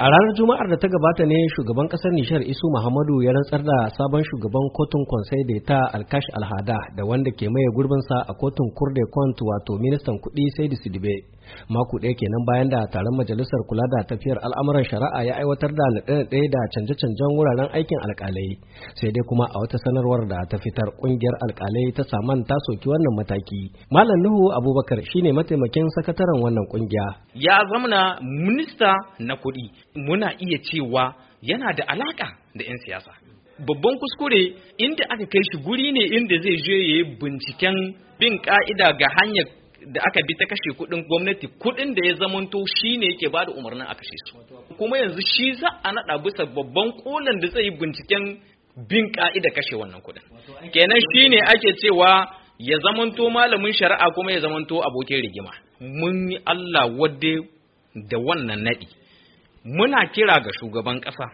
A ranar Juma'ar da ta gabata ne shugaban ƙasar Nishar Isu Muhammadu ya rantsar da sabon shugaban kotun Konsai da ta Alkash Alhada da wanda ke maye gurbinsa a kotun Kurde Kont wato ministan kuɗi sai Sidibe. Mako ɗaya kenan bayan da taron majalisar kula da tafiyar al'amuran shari'a ya aiwatar da naɗe-naɗe da canje-canjen wuraren aikin alƙalai. Sai dai kuma a wata sanarwar da ta fitar ƙungiyar alƙalai ta saman ta soki wannan mataki. Malam Nuhu Abubakar shine mataimakin sakataren wannan ƙungiya. Ya zamana minista na kuɗi. muna iya cewa yana da alaka da 'yan siyasa babban kuskure inda aka kai shi guri ne inda zai je ya yi binciken bin ka'ida ga hanyar da aka bi ta kashe kudin gwamnati kudin da ya zamanto shi ne yake ba da umarnin a kashe su kuma yanzu shi za a naɗa bisa babban kolan da zai yi binciken bin ka'ida kashe wannan kudin kenan shi ne ake cewa ya zamanto malamin shari'a kuma ya zamanto abokin rigima mun yi allah wadde da wannan naɗi muna kira ga shugaban ƙasa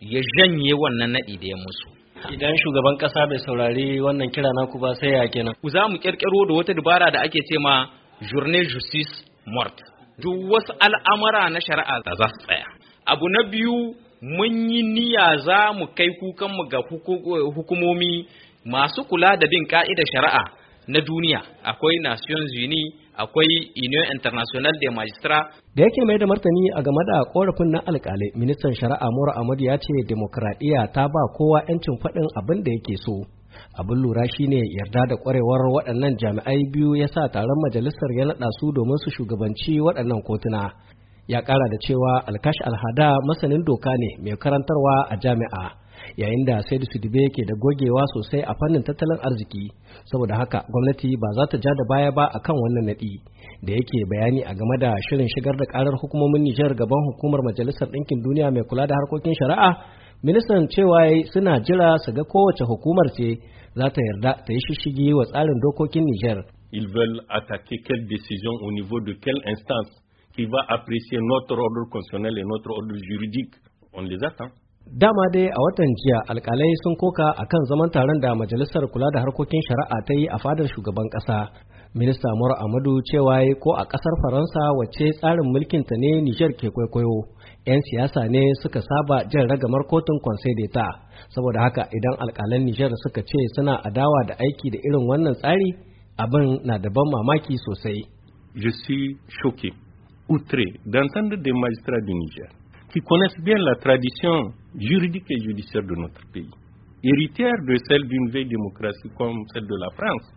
ya janye wannan naɗi da ya musu idan shugaban ƙasa bai saurari wannan kira ku ba sai ya kenan za mu ƙirƙiro da wata dabara da ake ce ma journée justice mort duk wasu al'amara na shari'a da za su tsaya abu na biyu mun yi niyya za mu kai kukanmu ga hukumomi masu kula da bin ka'idar shari'a na duniya akwai Nation Unies akwai Union International de Magistrats da yake mai da martani a game da korafin na alkalai ministan shari'a Mura Ahmad ya ce demokradiyya ta ba kowa yancin faɗin abin da yake so abin lura shine yarda da kwarewar waɗannan jami'ai biyu ya sa taron majalisar ya naɗa su domin su shugabanci waɗannan kotuna ya ƙara da cewa alkash alhada masanin doka ne mai karantarwa a jami'a yayin da su Sidibe yake da gogewa sosai a fannin tattalin arziki saboda haka gwamnati ba za ta ja da baya ba a kan wannan nadi da yake bayani a game da shirin shigar da karar hukumomin Nijar gaban hukumar Majalisar Ɗinkin Duniya mai kula da harkokin shari'a ministan cewa suna jira su ga kowace hukumar ce za ta yarda ta yi shishigi wa tsarin dokokin Nijar Ils veulent attaquer quelle décision au niveau de quelle instance qui va apprécier notre ordre constitutionnel et notre ordre juridique. On les attend. Dama dai a watan jiya alkalai sun koka a kan zaman taron da majalisar kula da harkokin shari'a ta yi a fadar shugaban ƙasa. Minista Mor Amadu cewa ko a ƙasar Faransa wacce tsarin mulkinta ne Nijar ke kwaikwayo, 'yan siyasa ne suka saba jan ragamar kotun Consedeta. Saboda haka idan alkalan Nijar suka ce suna adawa da aiki da irin wannan tsari, abin na da ban mamaki sosai. Je suis choqué, outré d'entendre des magistrats du Niger qui connaissent bien la tradition juridique et judiciaire de notre pays, héritière de celle d'une vieille démocratie comme celle de la France.